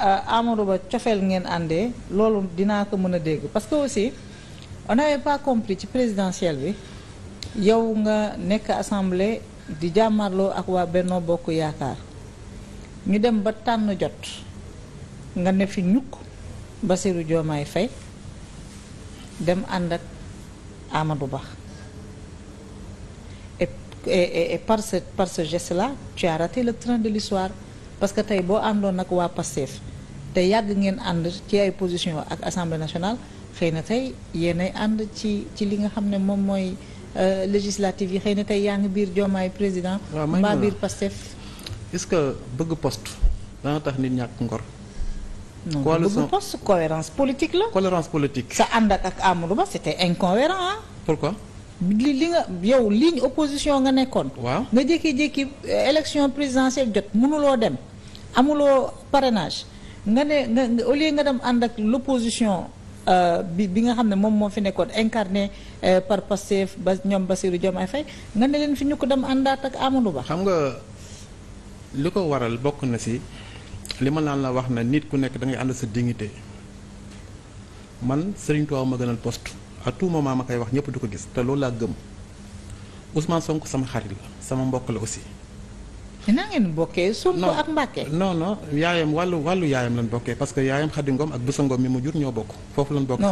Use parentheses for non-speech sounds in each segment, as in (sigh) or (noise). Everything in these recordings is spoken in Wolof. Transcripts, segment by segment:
Euh, Amadou Ba cofeel ngeen àndee loolu dinaa ko mën a dégg parce que aussi on n'avait pas compris ci présidentielle bi yow nga nekk assemblée di jàmmarloo ak waa Benno Bokk Yaakaar ñu dem ba tànn jot nga ne fi ñukk Bassirou Diomaye Faye dem ànd ak Amadou Ba et et et par ce par ce geste là tu as raté le train de l'histoire parce que tey boo àndoon nag waa Pastef te yàgg ngeen ànd ci ay position ak assemblée nationale xëy na tey yéenay ànd ci ci li nga xam ne moom mooy euh, législative yi xëy na tey yaa ngi biir Diomaye président. mbaa biir Pastef. est-ce que bëgg poste dana tax nit ñàkk ngor. coalition bëgg poste cohérence politique la. cohérence politique. sa ànd ak ak Amadou Ba c'était incohérent ah. pourquoi. li li nga yow ligne opposition nga nekkoon. waaw nga jékki-jékki euh, élection présidentielle jot mënuloo dem amuloo parrainage. nga ne nga au lieu nga dem ànd ak l'opposition euh, bi bi nga xam ne moom moo fi nekkoon incarné euh, par Pastef ba ñoom Bassirou Diomaye Faye nga ne leen fi ñu ko dem àndaat ak Amadou Ba. xam nga li ko waral bokk na si li ma naan la wax na nit ku nekk dangay ngay ànd sa dignité man Serigne Touba ma gënal post à tout moment ma koy wax ñëpp du ko gis te loolu laa gëm Ousmane sonk sama xarit la sama mbokk la aussi. dinaa ngeen bokkee Sonko ak Mbàkke non non yaayam wàllu wàllu yaayam lan bokkee parce que yaayam Xadi Ngom ak Boussa Ngom mi mu jur ñoo bokk foofu lan bokk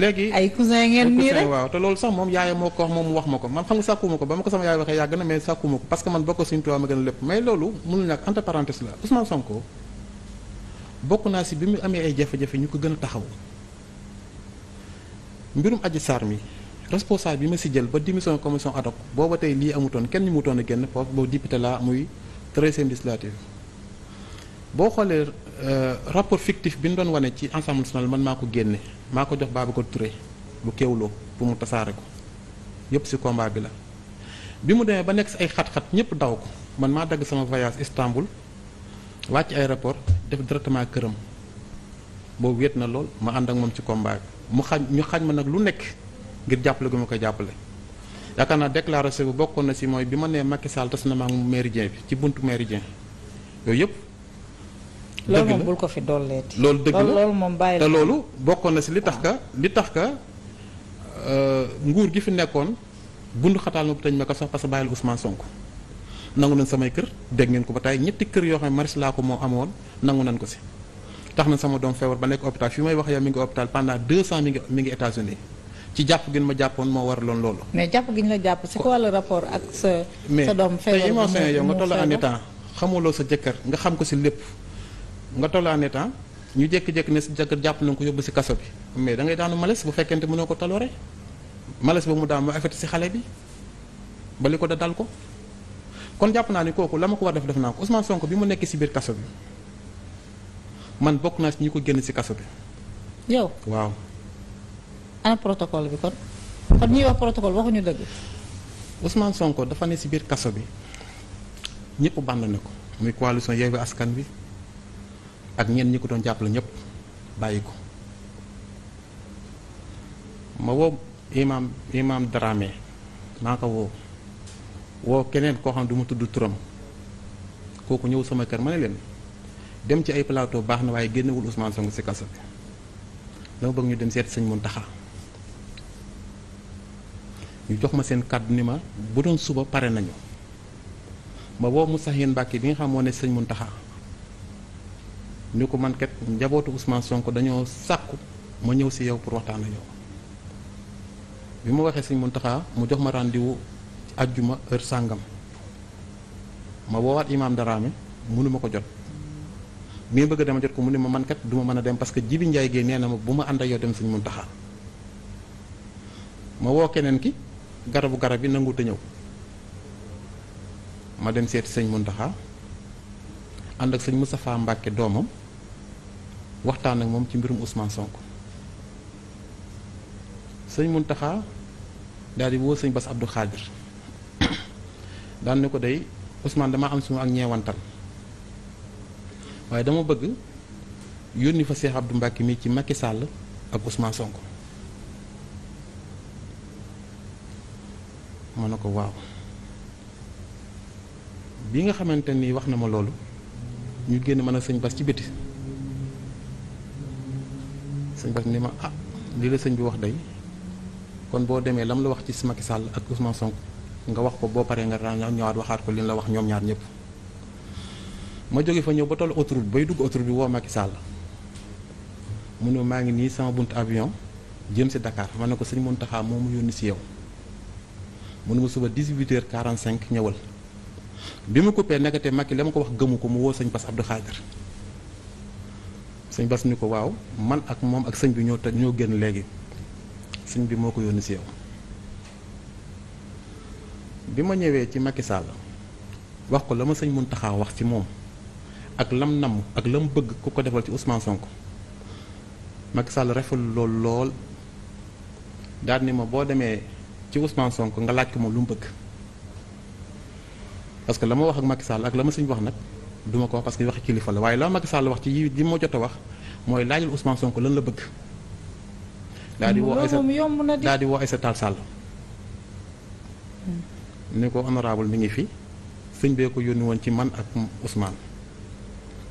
non gi ay cousin ngeen nii rek te loolu sax moom yaaya moo ko wax moom wax ma ko man xam nga sàkkuma ko ba ma ko sama yaay waxee yàgg gën a lépp mais loolu mënul ñàkk bokk naa si bi mu amee ay jafe-jafe ñu ko gën a taxaw mbirum Adji Sarr mi responsable bi ma si jël ba démission commission ad boobu booba lii amutoon kenn ñu mutoon a génn foofu boobu député laa muy treizième législative boo xoolee Euh, rapport fictif bi ñu doon wane ci Assemblée nationale man maa ko génne maa ko jox Babacar Touré bu Kéwoulo pour mu tasaare ko yépp ci combat bi la. bi mu demee ba nekk ci ay xat-xat ñëpp daw ko man maa dagg sama voyage Istanbul wàcc ay aéroport def directement këram boobu wéet na lool ma ànd ak moom ci combat bi mu xañ ñu xañ ma nag lu nekk ngir jàppale gu ma koy jàppale. yaakaar naa déclaration bi bokkoon na ci mooy bi ma nee Macky Sall tas na ma ak méridien bi ci buntu méridien yooyu yëpp. loolu moom bul ko fi dolleeti. loolu dëgg la loolu moom bàyyi la te loolu bokkoon na si li tax ka li tax ka euh, nguur gi fi nekkoon bund xataal na ko tëj ma ko sax parce que bàyyil Ousmane Sonko. nangu nañ samay kër dégg ngeen ko ba tey ñetti kër yoo xam ne maris laa ko moo amoon nangu nañ ko si. tax na sama doom feebar ba nekk hôpital fi may wax yow mi ngi hôpital pendant deux ngi mi ngi États-Unis ci jàpp gi ma jàppoon moo waraloon loolu. mais jàpp gi ñu la jàpp si ko wàllu rapport ak sa. sa doom feebar mais tey yow nga toll en état xamuloo sa jëkkër nga xam ko si lépp nga toll en état ñu jékki-jékki ne sa jëkkër jàpp nañ ko yóbbu si kaso bi mais dangay ngay daanu malaise bu fekkente mënoo ko taloore malaise ba mu daan moo affecté si xale bi ba ko da dal ko kon jàpp naa ni kooku la ma ko war def def naa ko Ousmane Sonko bi mu nekk si biir kaso bi bokk naa si ñu ko génn si kaso bi. yow waaw. ana protocole bi kon kon ñuy wax protocole waxuñu dëgg. Ousmane Sonko dafa ne si biir kaso bi ñëpp bànd ne ko muy coalition Yewwi Askan bi ak ñenn ñi ko doon jàppale ñëpp bàyyi ko ma woo imaam imaam Dramé maa ko woo woo keneen koo xam ne tudd turam kooku ñëw sama kër ma ne leen dem ci ay plateau baax na waaye génnewul Ousmane Sonko si kaso bi dama bëgg ñu dem seet sëñ taxa ñu jox ma seen kàddu ni ma bu doon suba pare nañu ma mu sax Yène Mbacké bi nga xam moo ne sëñ mun taxa ni ko man kat njabootu Ousmane Sonko dañoo sàkku ma ñëw si yow pour waxtaan ak yow bi ma waxee si Mountakha mu jox ma rendez-vous ajjuma heure sàngam ma woowaat Imaam Daraame mënuma ko jot mi bëgg dama jot ko mu ne ma man kat du ma mën a dem parce que Jibi Njaay gi nee na ma bu ma ànd ak yow dem suñu Mountakha ma woo keneen ki garabu garab yi nangu te ñëw ma dem seet sëñ Mountakha ànd ak sëñ Moustapha Mbacke doomam waxtaan ak moom ci mbirum Ousmane sonk sëñ Mountakha daal di woo sëñ Bass Abdou Khadir (coughs) daan ne ko day Ousmane dama am suñu ak ñeewantal waaye dama bëgg yónni fa Cheikh Abdou Mbacké mi ci Macky sàll ak Ousmane Sonko ma ne ko waaw bi nga xamante ni wax na ma loolu ñu génn mën a sëñ Bass ci biti sëñ Bass ni ma ah li la sëñ bi wax day kon boo demee lam la wax ci Macky sàll ak Ousmane Sonko nga wax ko boo paree nga daan ñëwaat waxaat ko li la wax ñoom ñaar ñëpp. ma jóge fa ñëw ba toll autoroute bay dugg autoroute bi woo Macky Sall mu ne maa ngi nii sama buntu avion jëm si Dakar ma ne ko sëñ Mountakha moom mu yónni si yow mu ne ma suba 18h45 ñëwal bi ma coupé nekkate Macky la ma ko wax gëmu ko mu woo sëñ Bass Abdou Khadir. sëñ Bass ni ko waaw man ak moom ak sëñ bi ñoo teg ñoo génn léegi sëñ bi moo ko yónni si yow bi ma ñëwee ci Macky wax ko la ma sëñ mun Mountakha wax ci moom ak lam namm ak lam bëgg ku ko defal ci Ousmane Sonko Macky Sall reful lool lool daal ma boo demee ci Ousmane sonk nga laaj ko moom lu mu bëgg parce que la ma wax ak Macky Sall ak la ma sëñ wax nag. duma ko wax parce que wax kilifa la waaye la Macky Sall wax ci yi li moo jot a wax mooy laajal Ousmane Sonko lan la bëgg. daal di woo Aïssa daal di woo Aïssa Tall Sall. ni ko honorable mi ngi fi sëñ bee ko yónni woon ci man ak Ousmane.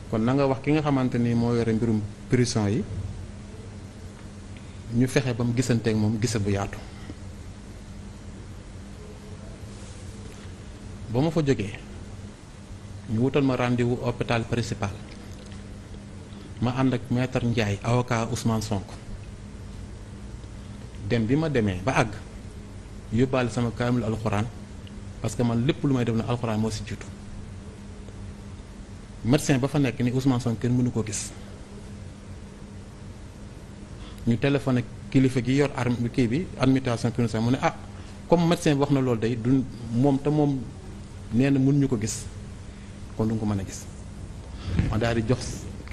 kon na nga wax ki nga xamante ni moo yore mbirum prison yi ñu fexe ba mu gisanteek moom gise bu yaatu. ba ma fa jógee. ñu wutal ma rendez-vous hôpital principal ma ànd ak maître Ndiaye avocat Ousmane Sonko dem bi ma demee ba àgg yóbbaale sama kaamilu alxuraan parce que man lépp lu may dem na alxuraan moo si jiitu médecin ba fa nekk ni Ousmane Sonko kenn mënu ko gis ñu téléphoné kilifa gi yor arme kii bi administration clinique mu ne ah comme médecin bi wax na loolu day du moom te moom nee na mënuñu ko gis ko lu nga mën a gis ma daal jox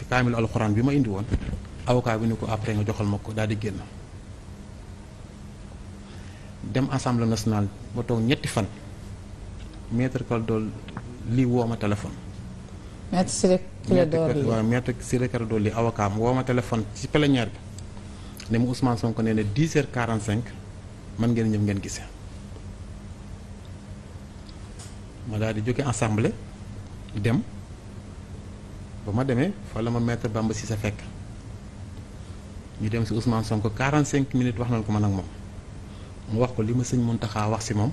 kaamilu alxuraan bi ma indi woon avocat bi ni ko après nga joxal ma ko daal génn dem assemblée nationale ba ñetti fan maître Clédor lii woo ma téléphone. maître Ciré Clédor lii waaw maître woo ma téléphone ci plénière bi ne mu Ousmane Sonko nee na 10h45 man ngeen ñëw ngeen gisee ma daal di jóge assemblée. dem ba ma demee fa la ma maître Bamba si sa fekk ñu dem si Ousmane Sonko 45 minutes wax nañ ko man ak moom mu wax ko li ma sëñ Mountakha wax si moom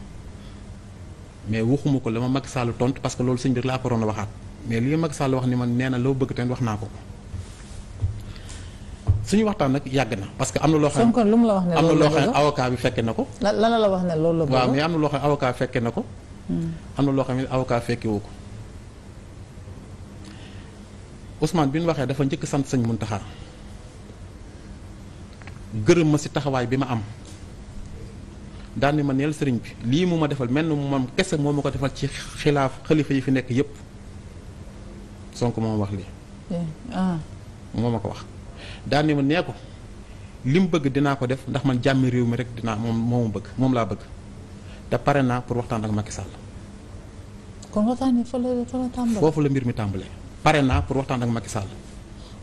mais waxuma ko la ma Macky Sall tontu parce que loolu suñ bi laa ko a waxaat mais li Macky Sall wax ni man nee na loo bëgg teen wax naa ko suñu waxtaan nag yàgg na parce que am na loo xam ne lu la loo bi fekke na ko. lan la wax ne loolu la waaw am na loo xam ne avocat fekke na ko. Hmm. am na loo xam ne avocat fekkewu ko. Ousmane bi nu waxee dafa njëkk sant sëñ Muntaxa gërëm ma si taxawaay bi ma am daandi ni ma neel sëriñ bi lii mu ma defal mel ni moom kese moom ma ko defal ci xilaaf xalifa yi fi nekk yépp Sonko moom wax lii eh, ah. moo ma ko wax daal ma nee ko li mu bëgg dinaa ko def ndax man jàmmi réew mi rek dinaa moom moomu bëgg moom laa bëgg te pare naa pour waxtaan ak Macky Sall kon la foofu la mbir mi tàmbalee pare naa pour waxtaan ak Macky Sall.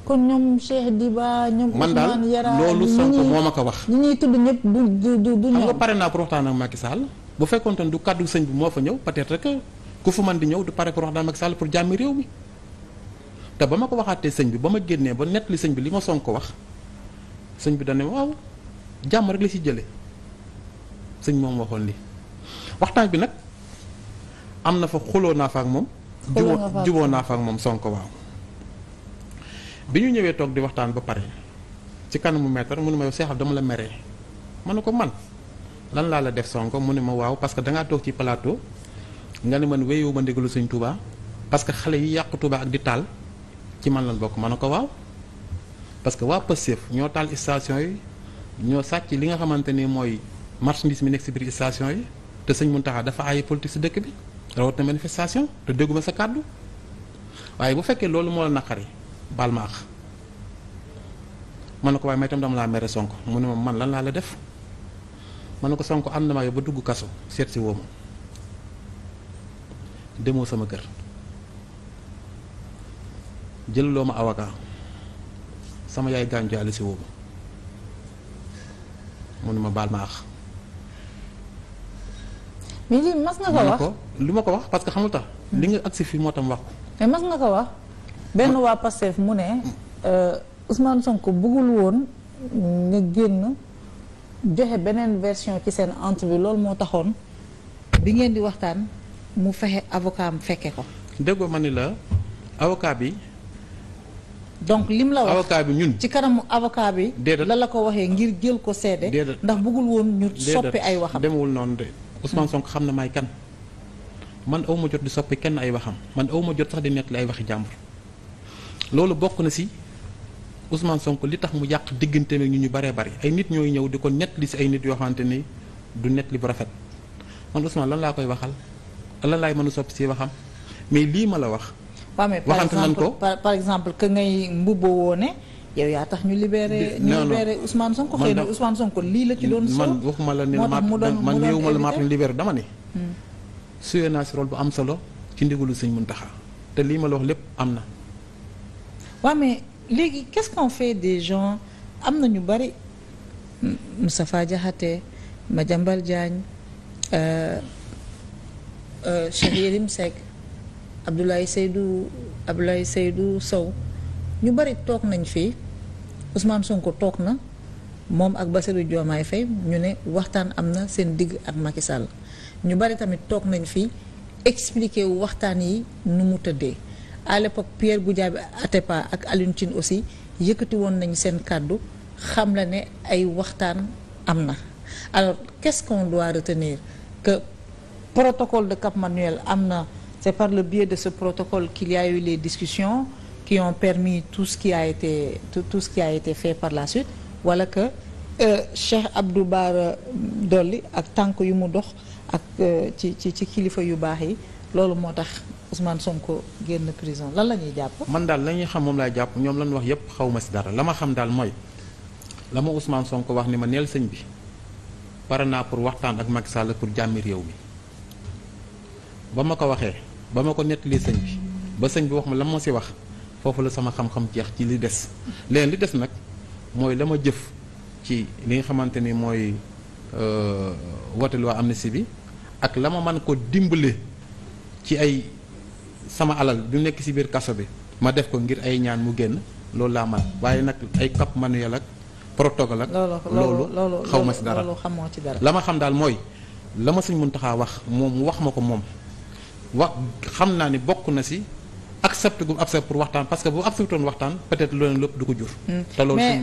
kon ñoom Cheikh Diba ñoom. man daal loolu Sonko moo ma ko wax. ñi ñuy tudd ñëpp du pare naa pour waxtaan ak Macky Sall bu fekkoonte du kaddu sëñ bi moo fa ñëw peut-être que ku fu man di ñëw du pare pour waxtaan ak Macky Sall pour jàmmi réew mi. te ba ma ko waxaatee sëñ bi ba ma génnee ba nett li sëñ bi li ma Sonko wax sëñ bi dane waaw jàmm ci jëlee sëñ moom waxoon li waxtaan bi nag am na fa xuloo naa fa ak moom. juboo juboo naa faa moom Sonko waaw bi ñu ñëwee toog di waxtaan ba pare ci kanamu maître mu ne ma yow Cheikh dama la meree ma ne ko man lan laa la def sonk mu ne ma waaw parce que dangaa toog ci palaato nga ne man wéyoo ma ndigalu Sëñ Tuubaa parce que xale yi yàqu Tuubaa ak di taal ci man lan bokk man ne ko waaw parce que waa Pastef ñoo taal station yi ñoo sàcc li nga xamante ni mooy marchandise mi nekk si biir station yi te Sëñ Muntaxa dafa aaye politique si dëkk bi rawat na manifestation te dégguma sa kàddu waaye bu fekkee loolu moo la naqari baal ma àq man na ko waaye may tam dama laa mere Sonko mu ne ma man lan laa la def man na ko Sonko am na maa ba dugg kaso seet si woo ma demoo sama kër jëlaloo ma avocat sama yaay gaañu jaali si woo ma baal ma àq mais lii mas nga ko wax li ma ko wax parce que xamul tax li nga agsi fii moo tam wax ko mais mas nga ko wax benn waa Pastef mu ne euh, Ousmane ko bëggul woon nga génn joxe beneen version ci seen entrevue loolu moo taxoon bi ngeen di waxtaan mu fexe avocat mu fekke ko déggoo ma ni la avocat bi donc lim la wax avocat bi ñun ci kanamu avocat bi la la ko waxee ngir jël ko seede ndax bëggul woon ñu soppi ay waxam demewul noonu Ousmane Sonko xam na maay kan man aw ma jot di soppi kenn ay waxam man aw ma jot sax di nettali ay waxi jàmbur loolu bokk na si Ousmane Sonko li tax mu yàq diggante meeg ñu ñu baree bari ay nit ñooy ñëw di ko li si ay nit yoo xamante ni du li bu rafet man Ousmane lan laa koy waxal lan laay mën a soppi si waxam mais lii ma la wax. waxante nan ko par exemple ka ngay mbubboo woone yow yaa tax ñu libéré. ñu libéré Ousmane Sonko xëy na Ousmane lii la ci doon. soo man waxuma la ne la man dama ne. Hmm. suyee naa si rôle bu am solo ci ndigalu sëñ Mountakha te lii ma la lépp am na. waaw mais léegi qu'est-ce qu'on fait des gens am na ñu bari Moustapha Diakhaté Madiambal Diagne euh, euh, Cheikh Yérim Seck Abdoulaye Seydou Sow. ñu bari toog nañ fii Ousmane Sonko toog na moom ak Bassirou Diomaye Faye ñu ne waxtaan am na seen digg ak Macky Sall ñu bari tamit toog nañ fii expliquer wu waxtaan yi nu mu tëddee à l'époque Pierre Goudiaby Atepa ak Alioune Tine aussi yëkkati woon nañ seen kàddu xam la ne ay waxtaan am na alors qu'est-ce qu'on doit retenir que protocole de Cap Manuel am na c'est par le biais de ce protocole qu'il y a les discussions qui ont permis tout ce qui a été tout, tout ce qui fait par la suite wala que euh, Cheikh Abdou Bara Dolli ak tànk yu mu dox ak euh, ci ci ci kilifa yu baax yi loolu moo tax Ousmane Sonko génn prison lan la ñuy jàpp. man daal la ñuy xam moom laay jàpp ñoom lañ wax yépp xaw ma si dara la ma xam daal mooy la ma Ousmane Sonko wax ni ma neel sëñ bi pare naa pour waxtaan ak Macky Sall pour jàmmi réew mi ba ma ko waxee ba ma ko nettali sëñ bi ba sëñ bi wax ma la ma si wax. foofu la sama xam-xam jeex ci li des leen li des nag mooy la ma jëf ci li nga xamante ni mooy euh, woote loi amnistie bi ak la ma man ko dimbale ci ay sama alal du nekk ci biir kaso bi ma def ko ngir ay ñaan mu génn loolu laa man waaye nag ay cap manuel ak protocole ak loolu xaw ma si dara la ma xam daal mooy la ma suñ mun taxaa wax moom wax ma ko moom wax xam naa ni bokk na si accepté gu accepté pour waxtaan parce que bu accepté waxtaan peut-être leneen lépp du ko jur. Mm. te loolu